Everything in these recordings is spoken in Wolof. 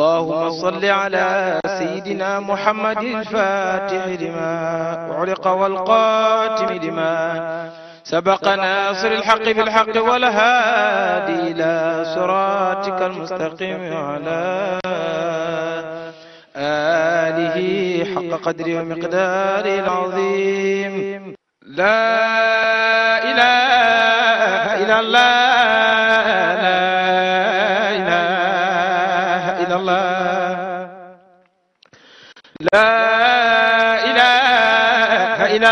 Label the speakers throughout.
Speaker 1: اللهم صل على سيدنا محمد الفاتح لما أعلق والقاتم لما سبق ناصر الحق بالحق والهادي إلى صراطك المستقيم على آله حق قدره ومقداره العظيم لا إله إلا الله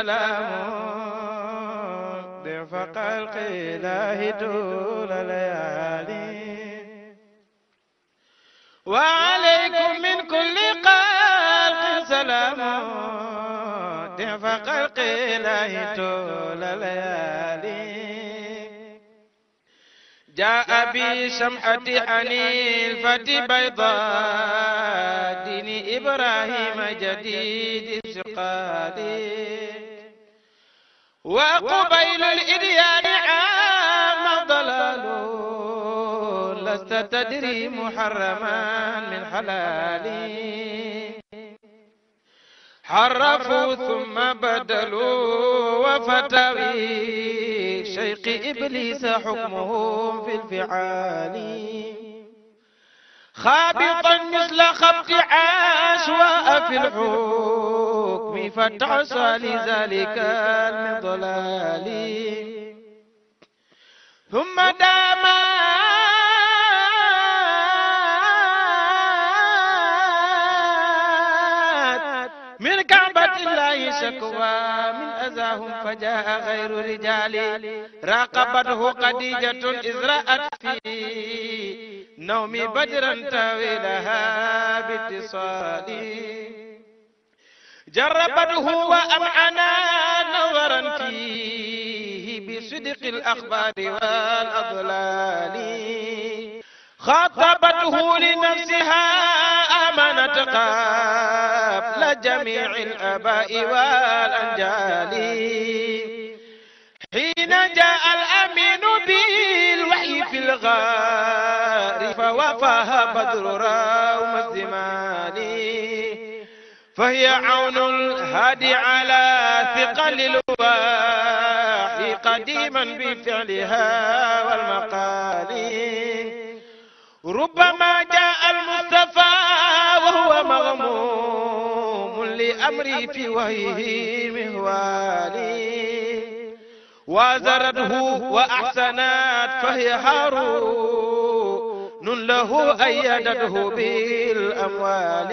Speaker 1: سلام دفق القلاه طول الليالي وعليكم من كل قلق سلام دفق القلاه طول الليالي جاء بشمحة حنين فتي بيضاء دين إبراهيم جديد سقالي وقبيل الإديان عام ضلال لست تدري محرما من حلالي حرفوا ثم بدلوا وفتوي شيخ إبليس حكمه في الفعال خابطا مثل خبط عشواء في الحكم فتعصى لذلك المضلال ثم دام من كعبة الله شكوى من أذاهم فجاء غير رجال راقبته خديجة إذ رأت فيه نومي بدرا طويلها باتصالي جربته وأمعنا نورا فيه بصدق الأخبار والأضلال خاطبته لنفسها آمنت قبل جميع الآباء والأنجال حين جاء الأمين به الغار فوفاها بدر روم الزمان فهي عون الهادي على ثقل الواحي قديما بفعلها والمقال ربما جاء المصطفى وهو مغموم لأمري في وهيه مهوالي وازرته وأحسنت فهي هارون له أيدته بالأموال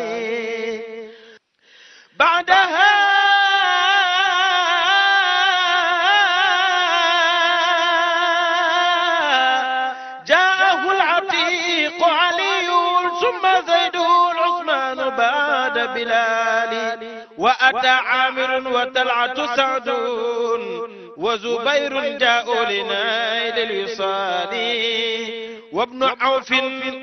Speaker 1: بعدها جاءه العتيق علي ثم زيد عثمان بعد بلال وأتى عامر وطلعة سعد وزبير جاءوا لنايل الوصال وابن عوف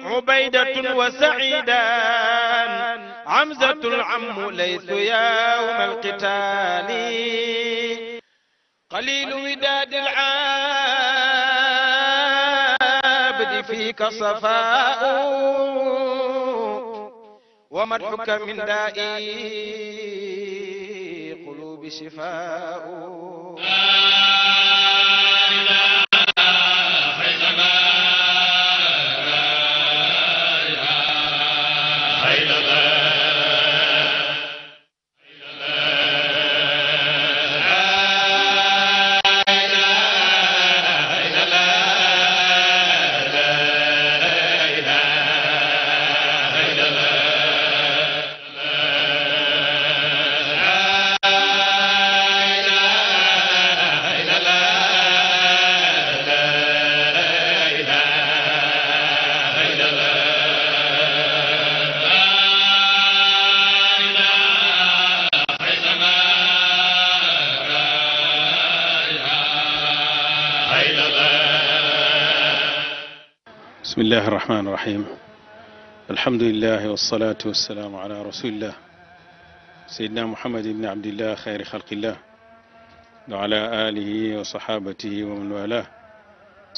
Speaker 1: عبيدة وسعيدان حمزة العم ليث يوم القتال قليل وداد العابد فيك صفاء ومدحك من دائي القلوب شفاء
Speaker 2: bismillahi irrahmani irrahim alhamdulilahi walsalaatu wassalaamu ala rasulillah sayidna muhammad ibni abdillah xayri xalqillah wa ala alihi wa sahabatihi wa man wala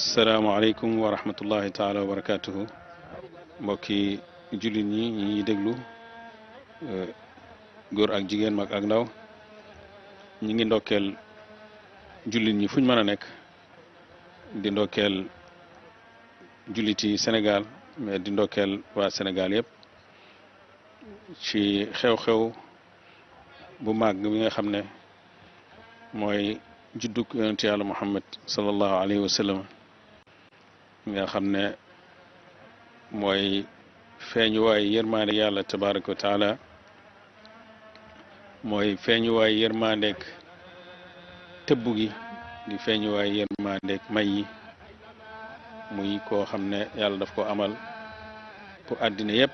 Speaker 2: asalaamualeykum wa rahmatullahi taala wa barakatuhu mbokki jullit ñi ñuy déglu euh, góor ak jigéen mag ak ndaw ñi ngi ndokkeel jullit ñi fuñ mën a nekk di ndokkeel julliti Sénégal mais di ndokkeel waa Sénégal yëpp ci xew-xew bu màgg mi nga xam ne mooy juddug yonent yàlla Muhammad sallallahu alayhi wa sallam nga xam ne mooy feeñuwaay yërmaande yàlla tabaraka wa taala mooy feeñuwaay yërmaandeek tëbb gi di feeñuwaay yërmaandeek may yi muy koo xam ne yàlla daf ko amal pour àddina yëpp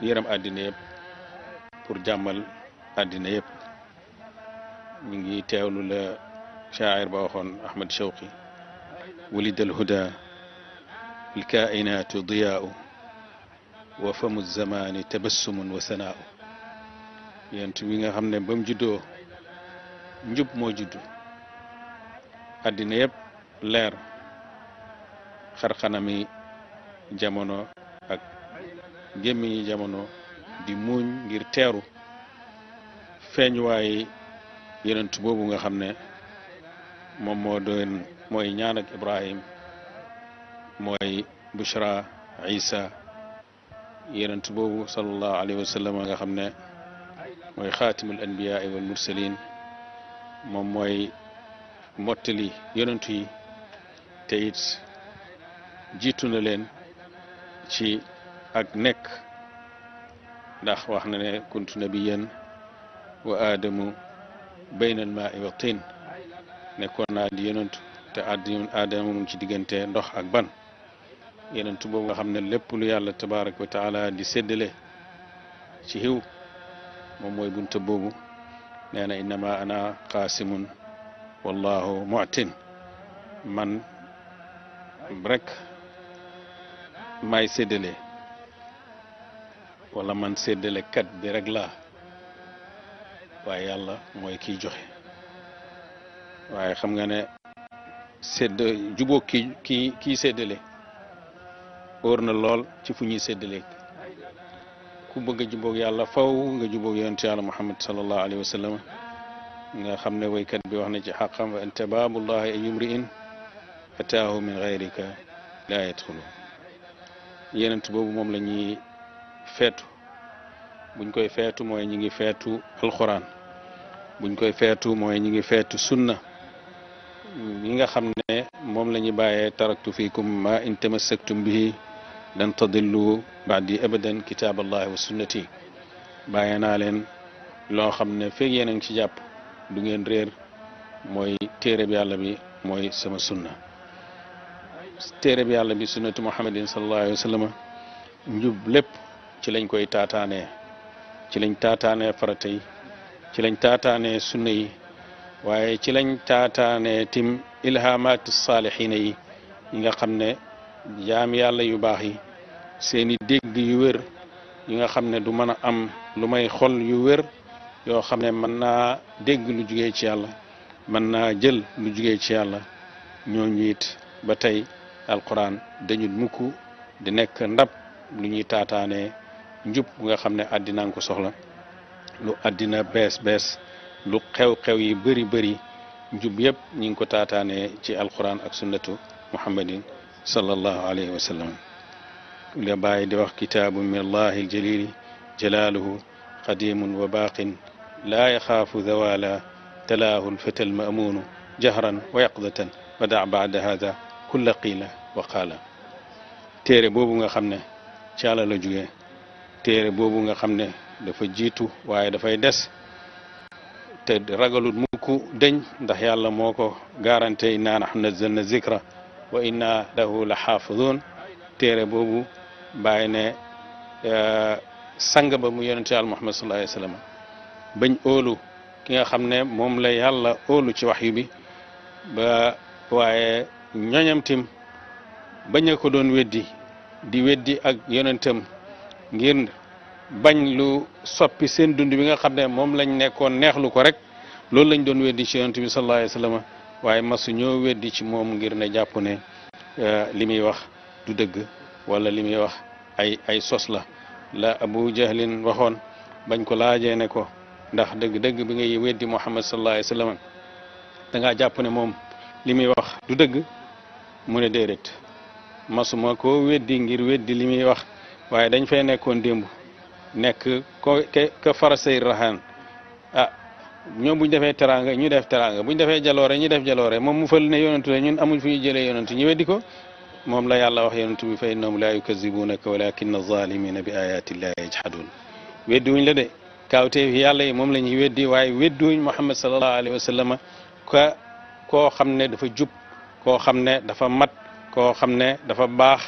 Speaker 2: yëram àddina yëpp pour jàmmal àddina yëpp mu ngi teewlu la shaa'ir ba waxoon Ahmad Shawqi walida alhuda alkaainaatu diyaau wa famu zamaani tabassumun wa sanaa u yent bi nga xam ne ba mu juddoo njub moo judd addina yëpp leer xarxanami jamono ak gémmiñi jamono di muuñ ngir teeru feeñuwaayi yonent boobu nga xam ne moom moo doon mooy ñaan ak Ibrahim mooy Bushra Isa yonent boobu sallallahu alayhi wa nga xam ne mooy xaatimul anbiyaa wal mursalin moom mooy mottali yonent yi te jiitu na leen ci ak nekk ndax wax na ne kuntu nabiyan wa aadamu bayna al maai wa tin nekkoon naa di te aadama mu ci diggante ndox ak ban yonantu boobu nga xam ne lépp lu yàlla tabaraka wa taala di séddale ci xiw moom mooy bunta boobu nee na ana qaasimun wallahu mu'tin man rek maay séddale wala man séddale kat bi rek la waaye yàlla mooy kiy joxe waaye xam nga ne sédd jubóo ki kii kii séddale óor na lool ci fu ñuy séddale ku bëgg a yàlla fow nga jubóog yonent yàlla muhammad salallahu alayhi wa sallam nga xam ne kat bi wax na ci xaqam wa an tabaabullahi ay yumri ataahu min gayrika laa yadxulu yeneent boobu moom lañuy feetu buñ koy feetu mooy ñi ngi feetu alxuraan buñ koy feetu mooy ñi ngi feetu sunna yi nga xam ne moom lañuy ñuy bàyyee taraktu fiikum ma in tamassaktum bihi lan tadillu baadi abadan kitaab allahi wa sunnati bàyyee naa leen loo xam ne feeg yéen ci jàpp du ngeen réer mooy téere bi yàlla bi mooy sama sunna téere bi yàlla bi sunnatu muhammadin sallallahu alayhi wa sallam njub lépp ci lañ koy taataanee ci lañ taataanee farata yi ci lañ taataanee sunna yi waaye ci lañ taataanee tim ilhamaat saalixiina yi yi nga xam ne jam yàlla yu baax yi seeni dégg yu wér yi nga xam ne du mën a am lu may xol yu wér yoo xam ne mën naa dégg lu jugee ci yàlla mën naa jël lu jugee ci yàlla ñooñu it alquran dañu mukk di nekk ndab lu ñuy taataanee njub nga xam ne àddinaa ngi ko soxla lu àddina bees bees lu xew-xew yi bëri bëri njub yëpp ñi ngi ko taataanee ci alquran ak sunnatu muhammadin sallallahu alayhi wa sallam la bàyyi di wax kitaabu min allahi aljalili jalaaluhu qadimun wa baaqin laa yaxaafu zawala talaahu lfata almamuunu jahran wa yaqdatan wa daa baada hada kulla qiila wa qaala téere boobu nga xam ne ci Yàlla la téere boobu nga xam ne dafa jiitu waaye dafay des te ragalut mukk deñ ndax yàlla moo ko garanté inna nahnu nazzalna zikra wa inna lahu la xaafidun téere boobu bàyyi ne e, sang ba mu yonente yàlla muhammad sallallahu alayhi wa sallam bañ óolu ki xam ne moom la yàlla óolu ci wax bi ba waaye ñoñam tim bañ a ko doon weddi di weddi ak yonentam ngir bañ lu soppi seen dund bi nga xam ne moom lañ nekkoon neexlu ko rek loolu lañ doon weddi ci yonent bi sallallahu alayhi wasallam waaye masu ñoo weddi ci moom ngir ne jàpp ne euh, li muy wax du dëgg wala li muy wax ay ay sos la la abu jahlin waxoon bañ ko laajee ne ko ndax dëgg-dëgg bi ngay weddi muhammad sallallahu alayhi wasallam da ngaa jàpp ne moom li muy wax du dëgg mu ne déedéet masuma ko weddi ngir weddi li muy wax waaye dañ fay nekkoon démb nekk ko ka farasey raxaan ah ñoom buñ defee teraanga ñu def teraanga buñ defee jaloore ñu def jaloore moom mu fal ne yonentu la ñun amuñ fu ñu jëlee yonentu ñu weddi ko moom la yàlla wax yonentu bi fa innahum laa yukazibuunaka walakin azalimina bi ayatillahi yajhadun weddi wuñ la de kaawteef yàlla yi moom la ñuy weddi waaye weddi wuñ muhammad salallahu alayhi wa sallama koo xam ne dafa jub koo xam ne dafa mat koo xam ne dafa baax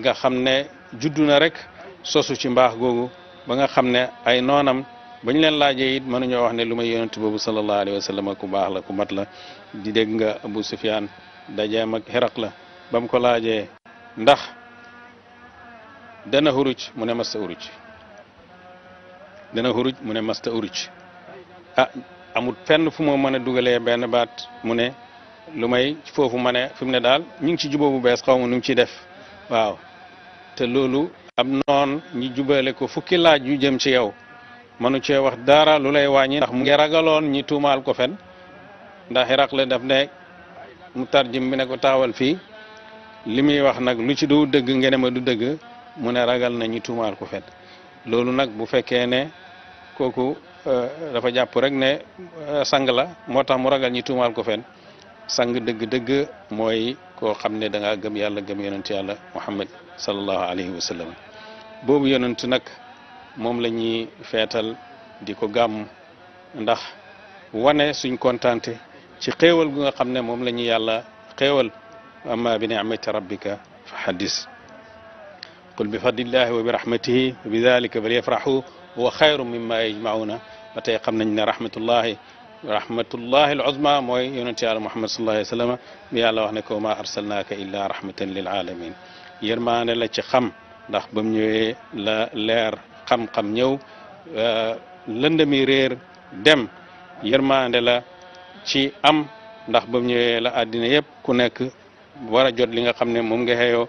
Speaker 2: nga xam ne juddu na rek sosu ci mbaax googu ba nga xam ne ay noonam bañ leen laajee it mënuñoo wax ne lu ma yonent boobu sallallahu alayhi wa sallam ku baax la ku mat la di dégg nga Abu Sufyaan dajeem ak Xeraq la ba mu ko laajee ndax dana huruj mu ne masta huruj dana huruj mu ne masta huruj ah amut fenn fu ma mën a dugalee benn baat mu ne lu may foofu ma ne fi mu ne daal ñu ngi ci jubóo bu bees xaw ma nu mu ciy def waaw te loolu ab noon ñi jubale ko fukki laaj yu jëm ci yow mënu cee wax dara lu lay wàññi ndax mu ngi ragaloon ñi tuumaal ko fen ndax iraq la ne mu tarjim bi ne ko taawal fii li muy wax nag lu ci du dëgg ngeen ne ma du dëgg mu ne ragal na ñi tuumaal ko fen loolu nag bu fekkee ne kooku euh, dafa jàpp rek ne euh, sang la moo tax mu ragal ñi tuumaal ko fen sang dëgg-dëgg mooy koo xam ne danga ngaa gëm yàlla gëm yonent yàlla muhammad sallallahu alayhi wa sallam boobu yonent nag moom la ñuy feetal di ko gàmm ndax wane suñ kontaante ci xéewal gu nga xam ne moom la ñuy yàlla xéewal bi ni'mati rabbika fa haddis qul bi fadlillahi wa bi rahmatihi wa bi dalika falyafrahu wa xayru mimma yajmauna ba tey xam nañ ne rahmatullahi rahmatullahi al uzma mooy yonent yàlla muhammad sallallahu alayhi wa yàlla wax ne ko ma arsalnaaka illa rahmatan lil alamin yërmaane la ci xam ndax ba mu ñëwee la leer xam-xam ñëw euh, lëndami réer dem yërmaande la ci am ndax ba mu ñëwee la àddina yëpp ku nekk war a jot li nga xam ne moom nga xeeyoo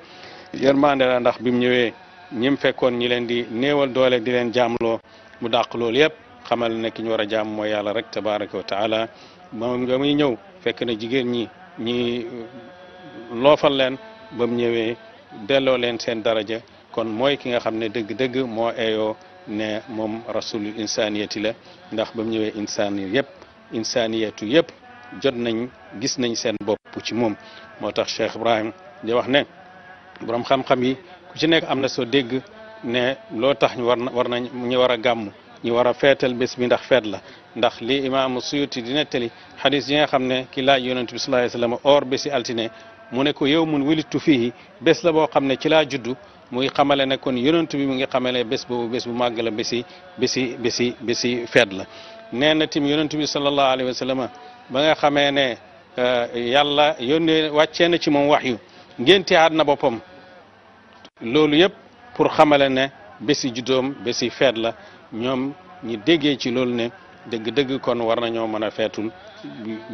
Speaker 2: yërmaande la ndax bi mu ñëwee ñi mu fekkoon ñi leen di néewal doole di leen jaamloo mu dàq loolu yëpp xamal ne ki ñu war a jaam mooy yàlla rek tabaraka wa taala moom ba muy ñëw fekk na jigéen ñi ñi loofal leen ba mu ñëwee delloo leen seen daraja kon mooy ki nga xam ne dëgg-dëgg moo eeyoo ne moom rasulul insaniyati la ndax ba mu ñëwee insani yëpp insaniyatu yëpp jot nañ gis nañ seen bopp ci moom moo tax Cheikh Ibrahim di wax ne borom xam-xam yi ku ci nekk am na soo dégg ne loo tax ñu war na war nañ ñu war a gàmm ñu war a feetal bés ndax feet la ndax li imaamu suyuti di nettali xadis yi nga xam ne ki laaj yonent bi sallallahu alayhi wasallam or bési altine mu ne ko yow mun wilitu fii bés la boo xam ne ci laa juddu muy xamale ne kon yonent bi mu ngi xamale bés boobu bés bu màgg la bési bési bési bési feet la nee na tim yonent bi sallallahu alayhi wasallam ba nga xamee ne eh, yàlla yónnee wàccee na ci moom wax yu ngénte aat na boppam loolu yëpp pour xamale ne bési juddoom bési feet la ñoom ñi déggee ci loolu ne dëgg-dëgg kon war nañoo mën a feetul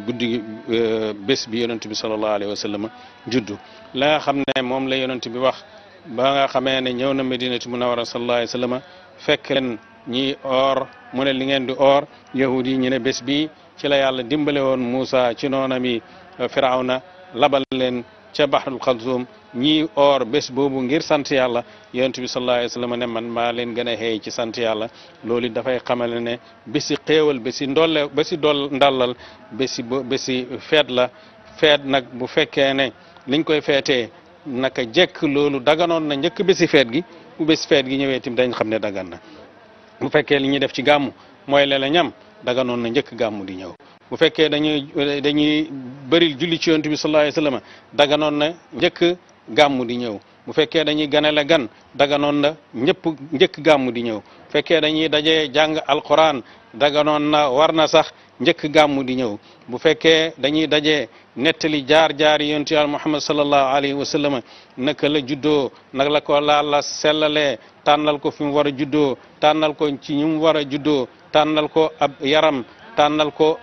Speaker 2: guddi euh, bés bi yonent bi sallallahu alayhi wa sallam juddu la nga xam ne moom la yonent bi wax baa nga xamee ne ñëw na medinatu munawara sallallahu alayhi wa sallam fekk leen ñi or mu ne li ngeen di or yahudi ñu ne bés bi ci la yàlla dimbale woon Moussa ci noonam yi Firawna labal leen ca Bahrul Xalzum ñii or bés boobu ngir sant yàlla yonent bi sallallahu alayhi wa sallam ne man maa leen gën a xëy ci sant yàlla loolu dafay xamale ne bési xéewal bési ndolle bési dol ndàllal bési ba bési feet la feet nag bu fekkee ne liñ koy feetee naka jekk loolu daganoon na njëkk bési feet gi bu bési feet gi ñëwee tim dañ xam ne dagan na bu fekkee li ñuy def ci gàmmu mooy lele ñam daganoon na njëkk gàmmu di ñëw bu fekkee dañuy dañuy julli ci yonent bi sallallahu alayhi na njëkk gàmmu di ñëw bu fekkee dañuy ganale gan daganoon na ñëpp njëkk gàmmu di ñëw bu fekkee dañuy daje jàng alquran daganoon na war na sax njëkk gàmmu di ñëw bu fekkee dañuy daje nettali jaar jaar yontu yàlla muhammad salallahu alayhi wa sallam naka la juddoo naka la ko laala sellalee tànnal ko fi mu war a juddoo tànnal ko ci ñu war a juddoo tànnal ko ab yaram tànnal ko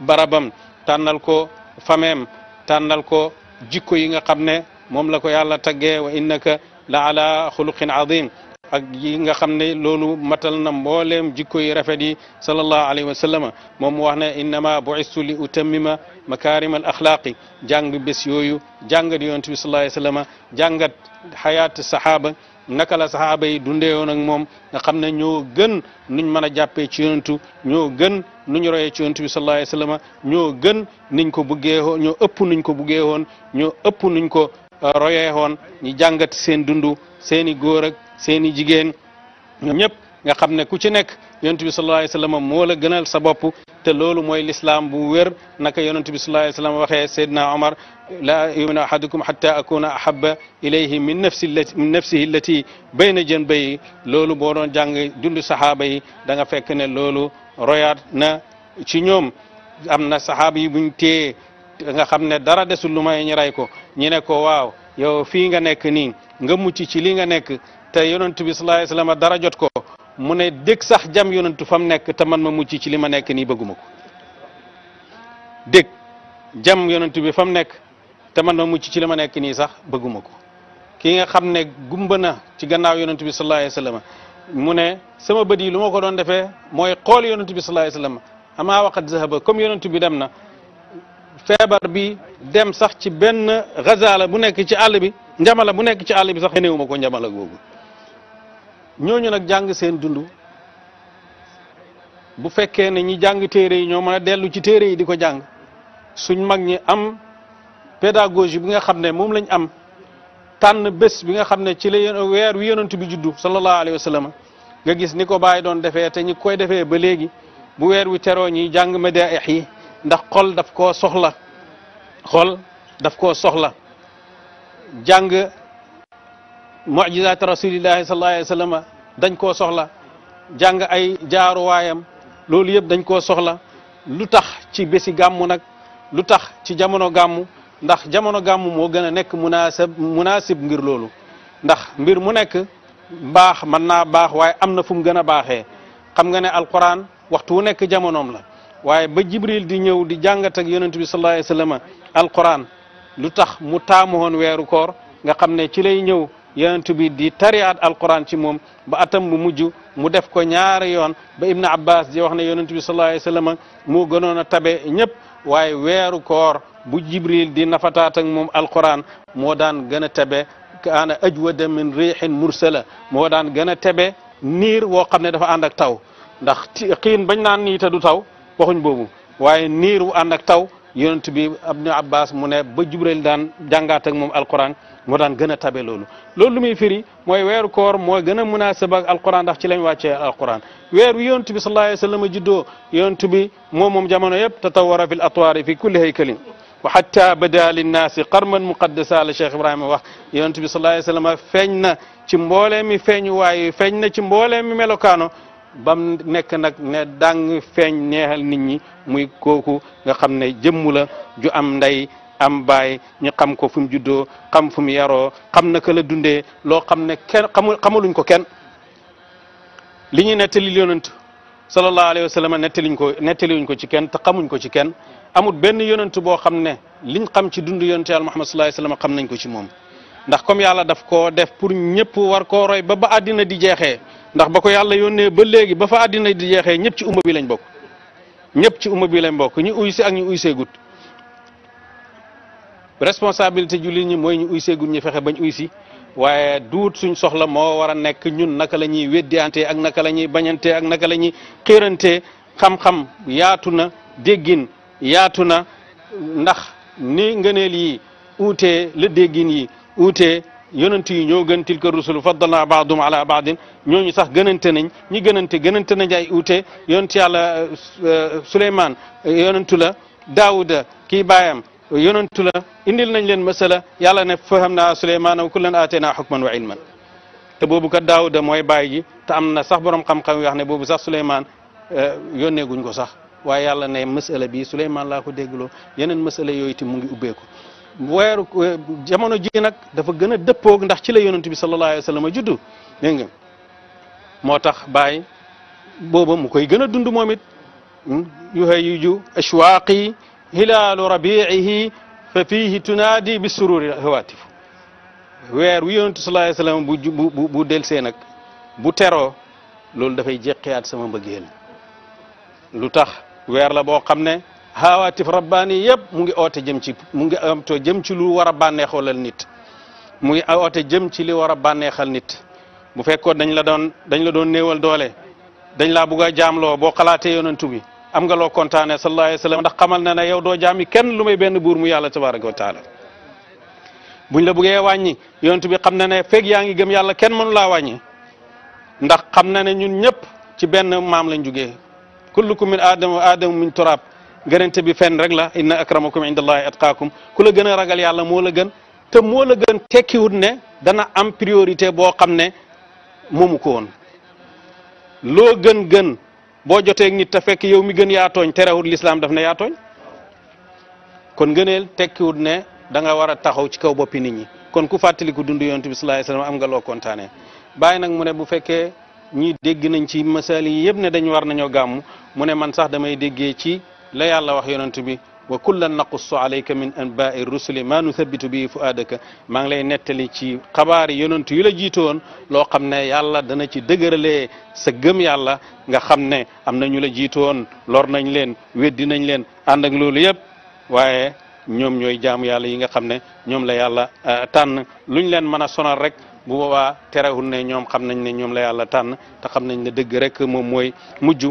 Speaker 2: barabam tànnal ko fameem tànnal ko jikko yi nga xam ne moom la ko yàlla taggee wa innaka la ala xuluqin azim ak yi nga xam ne loolu matal na mbooleem jikko yi rafet yi sallallahu alayhi wa sallama moom wax ne innama buistu li utammima makarim al axlaaqi jàng bés yooyu jàngat yonent bi sallallahu alayhi wa sallama jàngat xayaat sahaaba naka la sahaaba yi dundeewoon ak moom nga xam ne ñoo gën nuñ mën a jàppee ci yonentu ñoo gën nuñ royee ci yonentu bi sallallahu alayhi wa ñoo gën niñ ko buggee woon ñoo ëpp nuñ ko buggee woon ñoo ëpp ko royeexoon ñu jàngat seen dundu seeni i góor ak seen jigéen ñoom ñëpp nga xam ne ku ci nekk yonent bi sallallahu alayhi wa sallam moo la gënal sa bopp te loolu mooy lislaam bu wér naka yonent bi sallallahu alayhi wa sallam waxee Seydina Omar laa yuminu ahadukum hatta akuna ahaba ilayhi min nafsi min nafsihi allati bayna janbayhi loolu boo doon jàng dundu sahaaba yi da nga fekk ne loolu royaat na ci ñoom am na sahaaba yi buñ téye nga xam ne dara desul lu may ñu rey ko ñu ne ko waaw yow fii nga nekk nii nga mucc ci li nga nekk te yonent bi sallallahu alayhi wasallam dara jot ko mu ne dég sax jam yonentu fa mu nekk te man ma mucc ci li ma nekk nii bëgguma ko dég jam yonentu bi fa mu nekk te man ma mucc ci li ma nekk nii sax bëgguma ko ki nga xam ne gumba na ci gannaaw yonentu bi sallallahu alayhi wasallam mu ne sama bët yi lu ma ko doon defee mooy xool yonentu bi sallallahu alayhi wasallam amaa waqat zahaba comme yonentu bi dem na feebar bi dem sax ci benn gazala bu nekk ci àll bi njamala bu nekk ci àll bi sax néewuma ko njamala googu ñooñu nag jàng seen dund bu fekkee na ñi jàng téere yi ñoo mën a dellu ci téere yi di ko jàng suñ mag ñi am pédagogie bi nga xam ne moom lañ am tànn bés bi nga xam ne ci la weer wi yonent bi juddu sallallahu alayhi wa sallam nga gis ni ko bàyyi doon defee te ñi koy defee ba léegi bu weer wi teroo ñi jàng madaaix yi ndax xool daf koo soxla xol daf koo soxla jàng mujizaat rasulillahi sallallahu alayhi wa sallam dañ koo soxla jàng ay jaaruwaayam loolu yëpp dañ koo soxla lu tax ci bési gàmmu nag lu tax ci jamono gàmmu ndax jamono gàmmu moo gën a nekk munaasib munaasib ngir loolu ndax mbir mu nekk baax man naa baax waaye am na fu mu gën a baaxee xam nga ne alquran waxtu wu nekk jamonoom la waaye ba jibril di ñëw di jàngat ak yonent bi sallallahu alayhi wa sallam lu tax mu taamu woon weeru koor nga xam ne ci lay ñëw yonent bi di tariaat alquran ci moom ba atam bu mujj mu def ko ñaari yoon ba ibnu abbas di wax ne yonent bi sallallahu alayhi wa sallam moo gënoon a tabe ñëpp waaye weeru koor bu jibril di nafataat ak moom alquran moo daan gën a tabe kaana ajwada min rihin mursala moo daan gën a tabe niir woo xam ne dafa ànd ak taw ndax xiin bañ naan nii du taw waxuñ boobu waaye niir wu ànd taw yonent bi Ibnu Abbas mu ne ba Jibril daan jàngaat ak moom alquran moo daan gën a tabe loolu loolu lu muy firi mooy weeru koor mooy gën a munaasaba ak alquran ndax ci lañ wàccee alquran weer wi yonent bi sallallahu alayhi wa sallam a juddoo yonent bi moom moom jamono yëpp tatawara fi l atwaari fi kulli haykalin wa hatta bada linnaasi qarman muqaddasa la Cheikh Ibrahima wax yonent bi sallallahu alayhi wa sallam feeñ na ci mboolee mi feeñu waaye feeñ na ci mboolee mi melokaano bam nekk nag ne dang feeñ neexel nit ñi muy kooku nga xam ne jëmm ju am ndey am baay ñu xam ko fu mu juddoo xam fu mu yaroo xam na la dundee loo xam ne kenn xamul xamaluñ ko kenn li ñuy nettali yonent sallallahu alayhi wa sallam nettaliñ ko nettaliwuñ ko ci kenn te xamuñ ko ci kenn amul benn yonent boo xam ne liñ xam ci dund yonent yàlla Muhammad sallallahu alayhi wa xam nañ ko ci moom ndax comme yàlla daf koo def pour ñëpp war koo roy ba ba àddina di jeexee ndax ba ko yàlla yónnee ba léegi ba fa àddina di jeexee ñëpp ci umma bi lañ bokk ñëpp ci umma bi lañ bokk ñu uy si ak ñu uy seegut responsabilité jullit ñi mooy ñu uy seegut ñu fexe bañ uy waaye duut suñ soxla moo war a nekk ñun naka la ñuy weddiantee ak naka la ñuy bañantee ak naka la ñuy xérantee xam-xam yaatu na déggin yaatu na ndax ni ngëneel yi uutee la déggin yi uutee yonanti yi ñoo gën tilka rusulu faddalna baadum ala baadin ñooñu sax gënante nañ ñi gënante gënante nañ ay uute yonent yàlla euh, Suleymaan euh, yonentu la Daawuda kii baayam yonentu la indil nañ leen masala yàlla ne faham naa Suleymaana wa kullan aataynaa hukman wa ilman te boobu kat Daawuda mooy baay ji te am na sax borom xam-xam yi wax ne boobu sax Suleymaan euh, yónneeguñ ko sax waaye yàlla ne masala bi Suleymaan laa ko déggloo yeneen masala yooyu ti mu ngi ubbeeku weeru eh, jamono ji nag dafa gën a dëppoog ndax ci la bi sallallahu alayhi wa sallam a juddu moo tax baay booba mu koy gën a dund moom it hmm? yuhayyiju ashwaaqi hilaalu rabiihi fa fiihi tunaadi bi sururi hawatif weer wi yonent bu bu bu bu delsee nag bu teroo loolu dafay jeqiyaat sama mbëggeel lu tax weer la boo xam ne xawaatif rabbaani yëpp mu ngi oote jëm ci mu ngi ootoo jëm ci lu war a bànneexoolal nit mu ngi oote jëm ci li war a bànneexal nit bu fekkoon dañ la doon dañ la doon néewal doole dañ laa bugg a jaamloo boo xalaatee yonantu bi am nga loo kontaanee sallallahu alayhi wa ndax xamal na ne yow doo jaami kenn lu may benn buur mu yàlla tabaraka wa taala buñ la buggee wàññi yonantu bi xam na ne feeg yaa ngi gëm yàlla kenn mënu laa wàññi ndax xam na ne ñun ñëpp ci benn maam lañ jugee kullukum min aadama min turab gënante bi fenn rek la inna akramakum indallahi atqaakum ku la gën ragal yàlla moo la gën te moo la gën tekkiwut ne dana am priorité boo xam ne moomu ko woon loo gën gën boo jotee nit te fekk yow mi gën yaa tooñ terewut lislaam daf ne yaa tooñ kon gëneel tekkiwut ne da nga war a taxaw ci kaw boppi nit ñi kon ku fàttaliku dund yonent bi sallallahu alayhi wasallam am nga loo kontaanee bàyyi nag mu ne bu fekkee ñi dégg nañ ci masali yi yëpp ne dañ war nañoo gàmm mu ne man sax damay déggee ci la yàlla wax yonent bi wa kullan naqussu alayka min anbaai rusuli maa nuthabitu bi fuaadaka maa ngi lay nettali ci xabaari yonent yu la jiitoon loo xam ne yàlla dana ci dëgëralee sa gëm yàlla nga xam ne am na ñu la jiitoon lor nañ leen weddi nañ leen ànd ak loolu yëpp waaye ñoom ñooy jaamu yàlla yi nga xam ne ñoom la yàlla euh, tànn luñ leen mën a sonal rek bu boobaa terewul ne ñoom xam nañ ne ñoom la yàlla tànn te xam nañ ne dëgg rek moom mooy mujj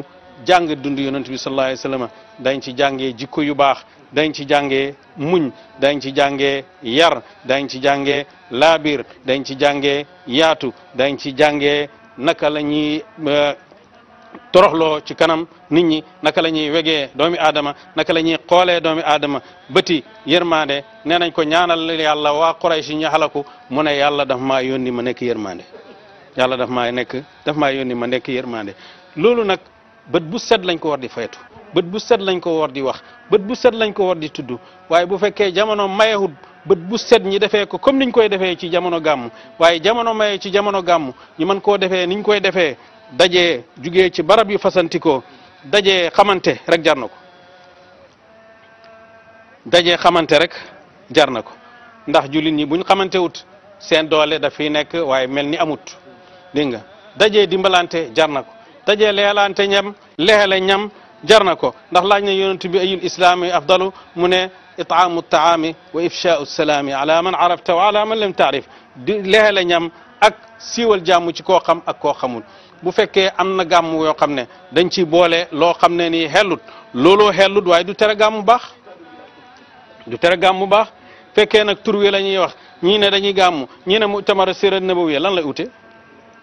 Speaker 2: jàng dund yonent bi sallallahu alayhi wa sallam dañ ci jàngee jikko yu baax dañ ci jàngee muñ dañ ci jàngee yar dañ ci jàngee laabir dañ ci jàngee yaatu dañ ci jàngee naka la ñuy euh, toroxloo ci kanam nit ñi naka la ñuy wegee doomi adama naka la ñuy xoolee doomi aadama bëti yërmande nee nañ ko ñaanal yàlla waa Quraysh ñu xalaku mu ne yàlla daf maa yónni ma nekk yërmande yàlla daf maa nekk daf maa yónni ma nekk yërmande loolu nag bët bu set lañ ko war di faytu bët bu set lañ ko war di wax bët bu set lañ ko war di tudd waaye bu fekkee jamono mayewut bët bu set ñi defee ko comme niñ koy defee ci jamono gàmm waaye jamono maye ci jamono gàmm ñi mën koo defee niñ koy defee dajee jugee ci barab yu fasantikoo dajee xamante rek jar na ko dajee xamante rek jar na ko ndax jullit ñi buñ xamante wut seen doole daf nekk waaye mel ni amut dégg nga dajee dimbalante jar na daje leelante ñam lehele ñam jar na ko ndax laaj na yonent bi ayul islaami afdalu mu ne itaamu taami wa ifchaau salaami ala man arafta wa ala man lam taarif di lehele ñam ak siiwal jàmm ci koo xam ak koo xamul bu fekkee am na gàmm yoo xam ne dañ ci boole loo xam ne nii xellut looloo xellut waaye du tere gàmm baax du tere gàmm baax fekkee nag tur wi la ñuy wax ñii ne dañuy gàmm ñii ne mutamara sirat nabawiya lan la ute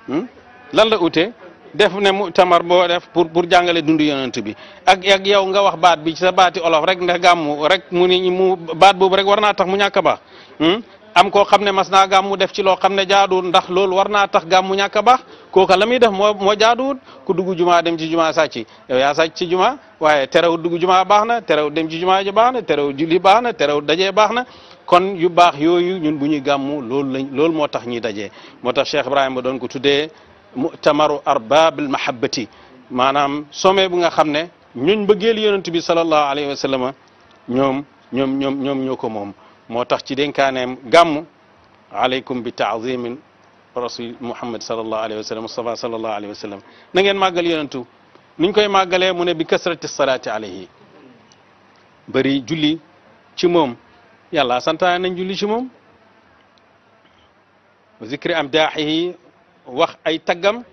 Speaker 2: hmm? lan la ute def ne tamar boo def pour pour dundu dund yonent bi ak ak yow nga wax baat bi ci sa baati olof rek ndax gàmmu rek mu ni mu baat boobu rek war naa tax mu ñàkk a baax hmm? am koo xam ne mas naa gàmmu def ci loo xam ne jaaduwul ndax loolu war naa tax gàmmu ñàkk a baax kooka la muy def moo moo jaaduwul ku dugg juma dem ci juma sàcc yow yaa ci juma waaye terewul dugg juma baax na terewul dem ci juma ji baax na terewul julli baax na terewul dajee baax na kon yu baax yooyu ñun bu ñuy gàmmu loolu lañ loolu moo tax ñuy dajee moo tax Cheikh Ibrahima doon ko tuddee mutamaru arbaabil mahabbati maanaam sommet bu nga xam ne ñuñ bëggeel yonent bi sallallahu alayhi wa sallam ñoom ñoom ñoom ñoom ñoo ko moom moo tax ci dénkaaneem gàmm aleykum bi taazimin rasul muhammad sallallahu alayhi wa sallam mustafa sallallahu alayhi wa sallam na ngeen màggal yonentu niñ koy màggalee mu ne bi kasrati salaati alayhi bëri julli ci moom yàlla santaane nañ julli ci moom wa am daaxihi wax ay taggam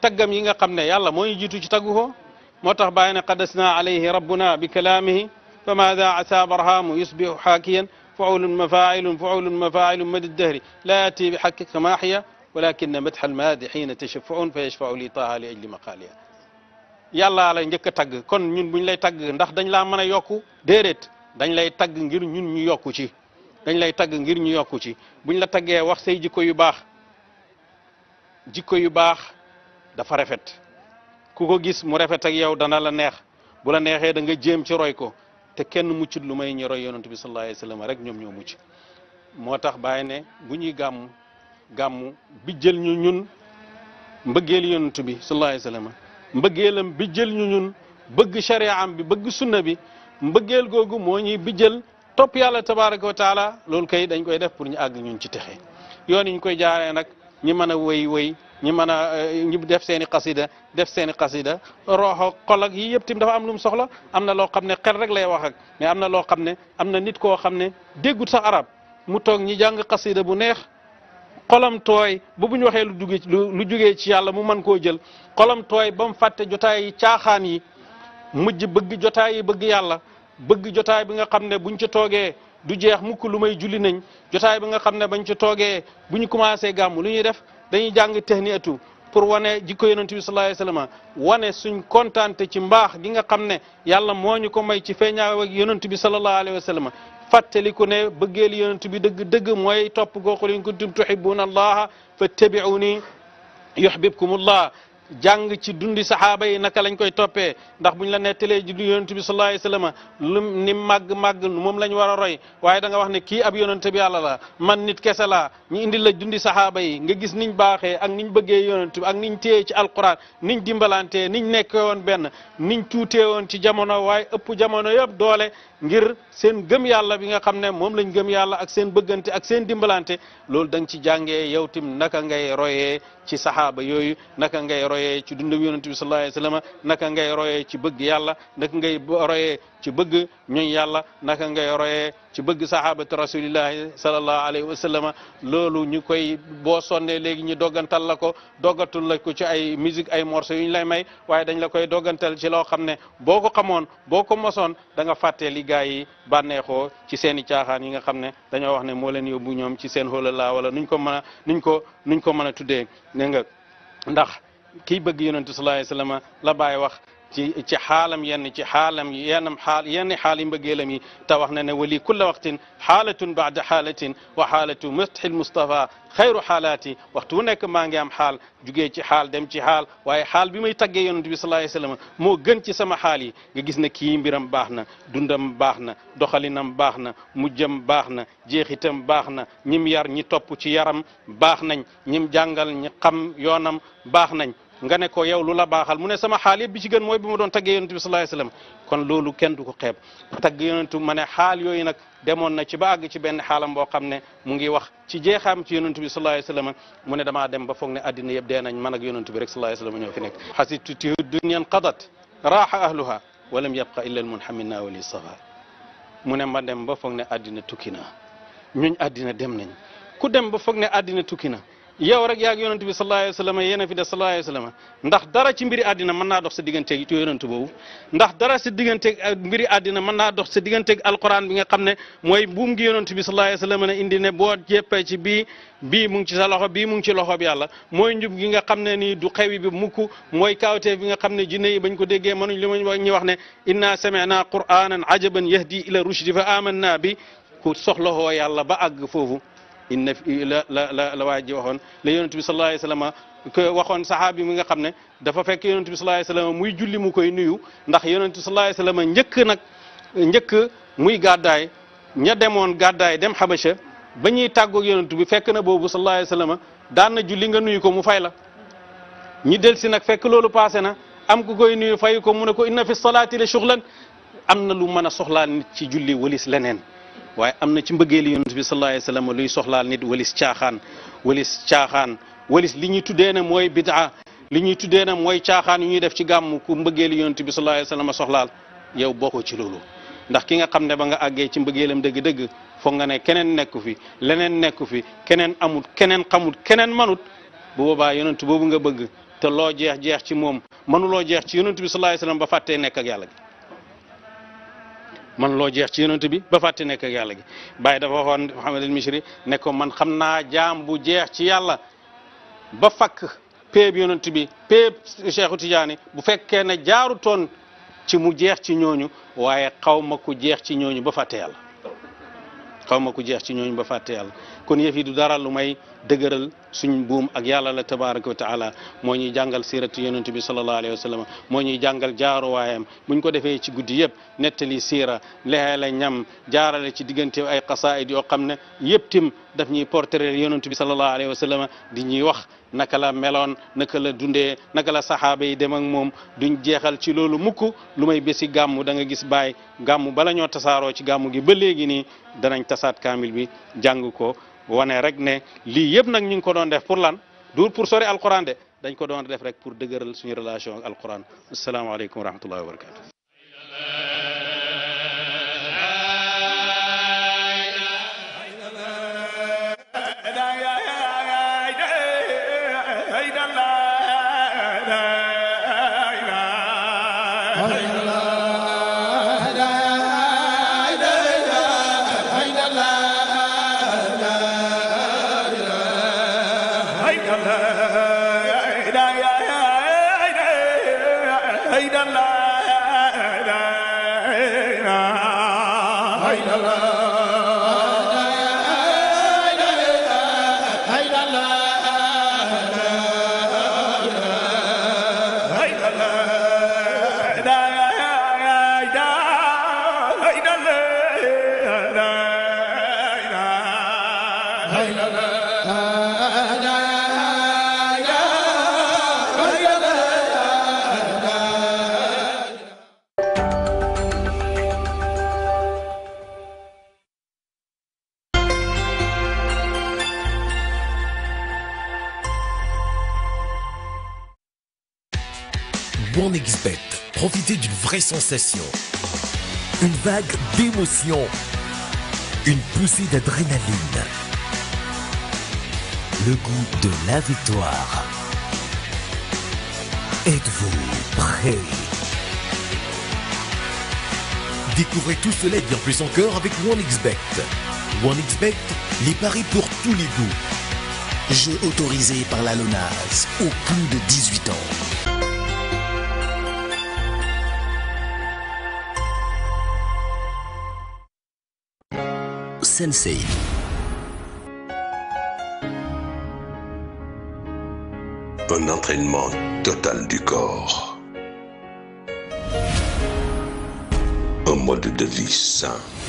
Speaker 2: taggam yi nga xam ne yàlla moo ñu jiitu ci taggu ko moo tax bàyyi ne qadasna alayhi rabbuna bi kalaamihi fa maada asa barhamu yusbihu xaakiyan faulun mafailun faulun mafailun madi dahri laa yati bi xaqi samaaxiya walakina madxa almaadixiina tashafaun fa yashfau li taaha li ajli maqaaliya yàllaa la njëkk a tagg kon ñun buñ lay tagg ndax dañ laa mën a yokku déedéet dañ lay tagg ngir ñun ñu yokku ci dañ lay tagg ngir ñu yokku ci buñ la taggee wax say jikko yu baax jikko yu baax dafa rafet ku ko gis mu rafet ak yow dana la neex bu la neexee da nga jéem ci roy ko te kenn muccut lu may ñu roy yonent bi sallallahu alayhi wa sallam rek ñoom ñoo mucc moo tax baay ne bu ñuy gàmm gàmm bi jël ñu ñun mbëggeel yonent bi sallallahu alayhi mbëggeelam bi jël ñu ñun bëgg shari'am bi bëgg sunna bi mbëggeel googu moo ñuy bi jël topp yàlla tabaraka wa taala loolu kay dañ koy def pour ñu àgg ñun ci texe ñi mën a wéy wéy ñi mën a eh, ñi def seen i xasida def seeni i xasida rooxo xol yi yëpp tim dafa am lu mu soxla am na loo xam ne xel rek lay wax ak am na loo xam ne am na nit koo xam ne déggut sax arab mu toog ñi jàng xasida bu neex kolom tooy ba bu ñu waxee lu jugee lu jugee ci yàlla mu mën koo jël xolam tooy ba mu fàtte jotaay yi caaxaan yi mujj bëgg jotaay yi bëgg yàlla bëgg jotaay bi nga xam ne buñ ci toogee du jeex mukk lu may julli nañ jotaay ba nga xam ne bañ ci toogee bu ñu commencé gàmm lu ñuy def dañuy jàng tehniyatu pour wane jikko yonent bi sallallahu alayhi wasallam wane suñ kontaante ci mbaax gi nga xam ne yàlla moo ñu ko may ci feeñaaw ak yonent bi sallallahu alayhi wasallam ku ne bëggeel yonent bi dëgg dëgg mooy topp gooxul in kuntum tuhibbuna allaha fattabi'uni yuhibbukum allah jàng ci dundi saxaaba yi naka lañ koy toppee ndax buñ la nettalee ji yonent bi sallallahu alayhi wasallam lu ni màgg màgg moom lañ war a roy waaye danga wax ne kii ab yonent bi yàlla la man nit kese laa ñu indi la dundi saxaaba yi nga gis niñ baaxee ak niñ bëggee yonent bi ak niñ téye ci alquran niñ dimbalantee niñ nekkee woon benn niñ tuutee woon ci jamono waaye ëpp jamono yëpp doole ngir seen gëm yàlla bi nga xam ne moom lañ gëm yàlla ak seen bëggante ak seen dimbalante loolu dang nga ci jàngee yow tim naka ngay royee ci saxaaba yooyu naka ngay royee ci dundam yonent bi sallallahu alayhi wasallam naka ngay royee ci bëgg yàlla naka ngay royee ci bëgg ñun yàlla naka ngay royee ci bëgg sahabatu rasulillahi sallallahu alayhi wasallam loolu ñu koy boo sonnee léegi ñu doggantal la ko doggatul la ko ci ay musique ay morceaux yu ñu lay may waaye dañ la koy doggantal ci loo xam ne boo ko xamoon boo ko mosoon da nga fàttee li yi bànneexoo ci seen i caaxaan yi nga xam ne dañoo wax ne moo leen yóbbu ñoom ci seen xoolalaa wala nuñ ko mën nuñ ko nuñ ko mën a tuddee ndax kiy bëgg yonentu sallallahu alayhi wasallam la bàyyi wax ci ci xaalam yenn ci xaalam yenn xaal yenn xaal yi mbëggeelam yi te wax na ne wali kulla waxtin xaalatun baada xaalatin wa xaalatu mastxil Mustafa xayru xaalaati waxtu wu nekk maa ngi am xaal jugee ci xaal dem ci xaal waaye xaal bi may taggee yonent bi sallallahu alayhi wasallam moo gën ci sama xaal yi nga gis ne kii mbiram baax na dundam baax na doxalinam baax na mujjam baax na jeexitam baax na ñim yar ñi topp ci yaram baax nañ ñim jàngal ñi xam yoonam baax nañ nga ne ko yow lu la baaxal mu ne sama xaal yëpp bi ci gën mooy bi ma doon tagge yonent bi sallallahu alayhi wasallam kon loolu kenn du ko xeeb tagg yonentu ma ne xaal yooyu nag demoon na ci ba àgg ci benn xaalam boo xam ne mu ngi wax ci jeexaam ci yonentu bi sallallahu alayhi wasallam mu ne damaa dem ba foog ne addina yëpp dee nañ man ak yonentu bi rek sallallahu alayhi wasallam ñoo fi nekk xasitu tihu dunyan qadat raaxa ahluha walam yabqa illa al munhamina wali safa mu ne ma dem ba foog ne addina tukki na ñuñ addina dem nañ ku dem ba foog ne addina tukki na yow rek yaag yonent bi sallallahu alayhi wa yéen a fi des sallallahu alayhi wa ndax dara ci mbiri àddina mën naa dox sa digganteeg yonent boobu ndax dara sa digganteeg mbiri àddina mën naa dox sa digganteeg alquran bi nga xam ne mooy buum gi yonent bi sallallahu alayhi wa sallam ne indi ne boo jéppee ci bii bii mu ngi ci sa loxo bii mu ngi ci loxo bi yàlla mooy njub gi nga xam ne nii du xewi bi mukk mooy kawtee bi nga xam ne jinne yi bañ ko déggee mënuñ li ma ñu wax ne inna sami'na qur'anan ajaban yahdi ila rushdi fa amanna bi ku soxlawoo yàlla ba àgg foofu inna la la la la waa ji waxoon la yonent bi sallallahu alayhi wasallam ko waxoon saxaabi mi nga xam ne dafa fekk yonent bi sallallahu alayhi wasallam muy julli mu koy nuyu ndax yonent bi sallallahu alayhi wasallam njëkk nag njëkk muy gàddaay ña demoon gàddaay dem xabasha ba ñuy tàggoog yonent bi fekk na boobu sallallahu alayhi wasallam daan na julli nga nuyu ko mu fay la ñi del si nag fekk loolu passé na am ku koy nuyu fay ko mu ne ko inna fi salaati la shughlan am na lu mën a soxlaal nit ci julli walis leneen waaye am na ci mbëggeeli yonent bi sallallahu alayhi wa sallam luy soxlaal nit walis caaxaan walis caaxaan walis li ñuy tuddee ne mooy bidaa li ñuy tuddee ne mooy caaxaan yu ñuy def ci gàmm ku mbëggeeli yonent bi sallallahu alayhi wa sallam soxlaal yow boo ko ci loolu ndax ki nga xam ne ba nga àggee ci mbëggeelam dëgg-dëgg foog nga ne keneen nekku fi leneen nekku fi keneen amut keneen xamut keneen manut bu boobaa yonent boobu nga bëgg te loo jeex jeex ci moom mënuloo jeex ci yonent bi sallallahu alayhi wa ba fàttee nekk yàlla gi man loo jeex ci yonent bi ba fàtte nekk ak yàlla gi Baye dafa waxoon Muhammad al Misri ne ko man xam naa jaam bu jeex ci yàlla ba fakk péeb yonent bi péeb Cheikhu Tidiane bu fekkee ne jaaru jaarutoon ci mu jeex ci ñooñu waaye xaw ma ku jeex ci ñooñu ba fàtte yàlla ku jeex ci ñooñu ba fàtte kon yëf yi du dara lu may dëgëral suñ buum ak yàlla la tabaraka wa taala moo ñuy jàngal siiratu yonent bi sallallahu alayhi wa sallam moo ñuy jàngal jaaruwaayam buñ ko defee ci guddi yëpp nettali siira lexee la ñam jaarale ci diggante ay xasaayid yoo xam ne yëpp tim daf ñuy portrait yonent bi sallallahu alayhi wa sallam di ñuy wax naka la meloon naka la dundee naka la saxaaba yi dem ak moom duñ jeexal ci loolu mukk lu may bési gàmmu da nga gis baay gàmmu bala ñoo tasaaroo ci gàmmu gi ba léegi nii danañ tasaat kaamil bi jàng ko wane rek ne lii yëpp nag ñu ngi ko doon def pour lan du pour sori alquran de dañ ko doon def rek pour dëgëral suñu relation ak alquran asalaamaaleykum wa rahmatullahi wa barakatu BonXBet, profitez d'une vraie sensation, une vague d'émotions, une poussée d'adrénaline, le goût de la victoire. Êtes-vous prêt Découvrez tout cela et bien plus encore avec OneXBet. OneXBet, les paris pour tous les goûts. Jeu autorisé par la LONAS aux plus de 18 ans.
Speaker 1: Sensei. Un entraînement total du corps.
Speaker 2: Un mode de vie sain.